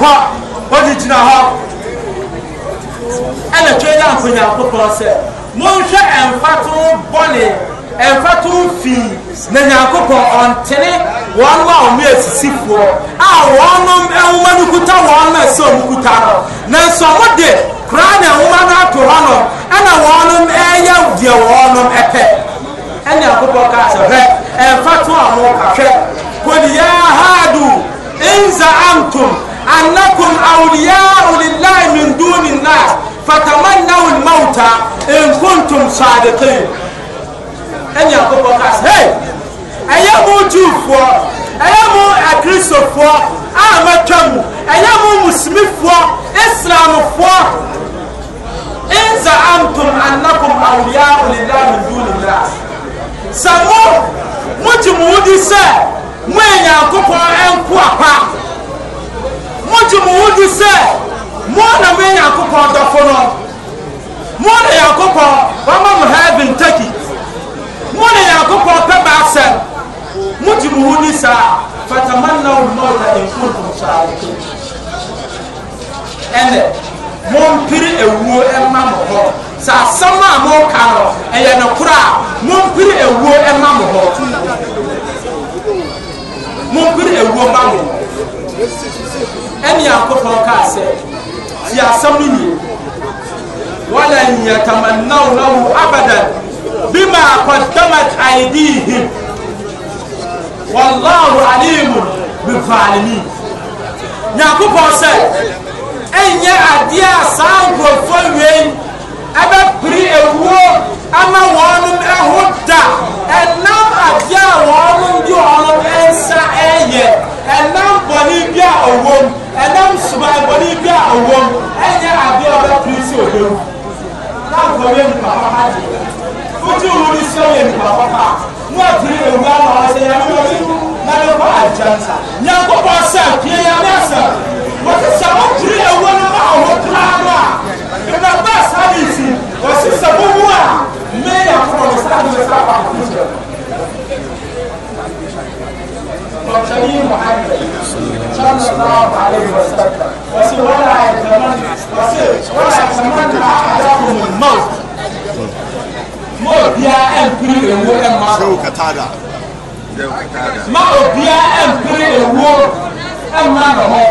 kɔ ɔgyinagyina hɔ ɛna twɛ yɛ akɔnyankopɔn sɛ monhwɛ ɛmfato bɔne ɛmfato fii na nyankopɔn ɔntene wɔn a wɔn yɛ sisifoɔ e a wɔn nwoma no kuta wɔn na ɛsɛ wɔn kuta no nanso wɔn de koraa na nwoma no ato hɔ no ɛna wɔn ɛyɛ deɛ wɔn ɛpɛ ɛna akokɔ kaa sɛ hwɛ ɛmfato a wɔn kahwɛ kɔdi haadu nza antom annakum awliya'u lillahi min duni nas fatamannaw al-mauta in kuntum sadiqin ɛnyɛ nkokɔ ka sɛ hey ɛyɛ mu juufoɔ ɛyɛ mu akristofoɔ a matwa mu ɛyɛ mu musulmifoɔ islamfoɔ inza antum annakum awliya'u lillahi min duni nas sɛ mo mo gye mo wodi sɛ mo yɛ nyankopɔn ɛnko apa mogye mo ho di sɛ mo na mo nyankopɔn dɔfo no mo na nyankopɔn wama mo heaven taki mo na nyankopɔn pɛ baasɛ mogye mo ho di saa fatamanna lmauta inkuntum sadikin ɛnɛ mompiri ewuo ɛma mo hɔ sɛ asɛm a moreka no ɛyɛ nokorɔ a mompiri ewuo ɛma mo hɔ di asɛm no nie wala yatamannawnahu abadan bima qaddamat aidihim wallahu alimun bizalimin nyankopɔn sɛ ɛnyɛ adeɛ a saa nkurɔfoɔ wiei ɛbɛpiri ewuo ama wɔn no ɛho da méjì láàbò méjì pàpà jẹ fojú olórí sí ọyẹ mi pàpà pa mú àtúnyẹ ewu àwọn ọsẹ yẹn lórí lálẹ́ bá àjẹsà nyàgbọ́ bá sẹ́ àpéyà náà. shehu katada ma obia ɛmpiri ewuo ɛmma ne hɔ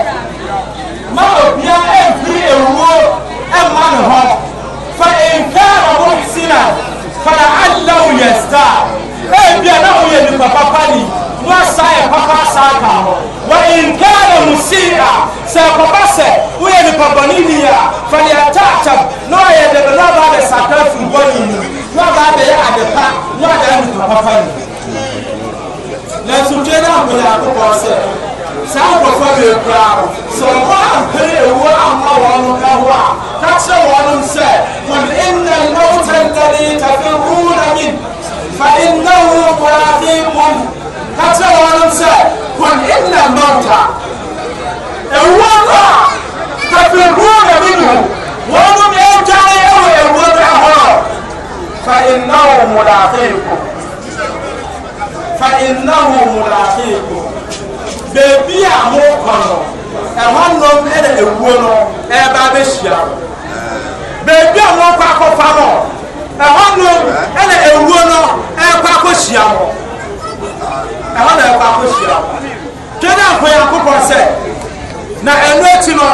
ma obia ɛmpiri ewuo ɛmma ne hɔ fa nkaara ho sina fara alaw yɛ star ebia na oyɛ nipa papa ni na asa yɛ papa asa aka hɔ wa nkaara ho sina sɛ papa sɛ oyɛ nipa bɔnni ni a fa yɛ taatam. kɔfa no nansomdwe no ampɛ nyankopɔn sɛ saa nkurɔfo bee koraa no sɛ ɔmo ampere ewu amma wɔn ho ɛho a ka kyerɛ wɔn sɛ wɔn nna mmɔtɛn innahu mulaqikum beebi a mokɔ no ɛhɔnom ɛna ewuo no ɛba abɛhyia no beebi a mokɔ akɔfa no ɛhɔnom ɛna ewuo no ɛkɔ akɔhyia no ɛhɔ na ɛkɔ akɔhyia no twɛn akɔ yankopɔn sɛ na ɛno akyi no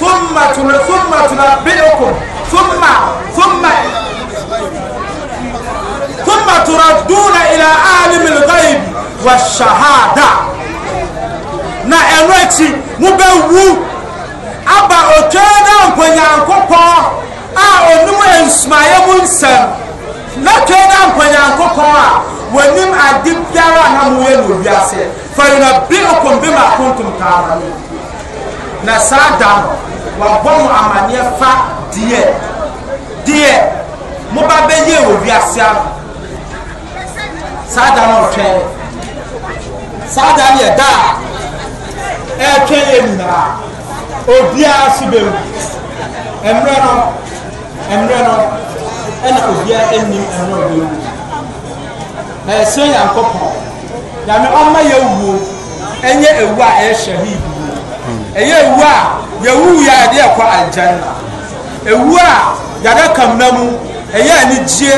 fumma tuna fumma tuna bi'ukum fumma fumma fumma turadun wa shahada na ɛno akyi mobɛwu aba otwaa da nkwanyankopɔn a ɔnim nsumaeɛ mu nsɛm na twaa da nkwanyankopɔn a wɔnim ade biara na moyɛ no wiase farinabbiukum bima kuntum taamalu na saa da no wɔabɔ mo amanneɛ fa deɛ deɛ moba bɛyɛ wɔ wiase ano saa da no ɔtwɛn saa da ne ɛda a ɛretwɛ yɛ nyinaa obiara si bɛm mmerɛ no mmerɛ no ɛna obiara anim mmerɛ bɛm ɛsɛ nyankopɔn nyame ɔma yɛ wuo ɛnyɛ ewu a ɛyɛ hyɛhii wuo ɛyɛ ewu a yɛwu yɛ a yɛde ɛkɔ agyan na ewu a yɛde kamna mu ɛyɛ anigye.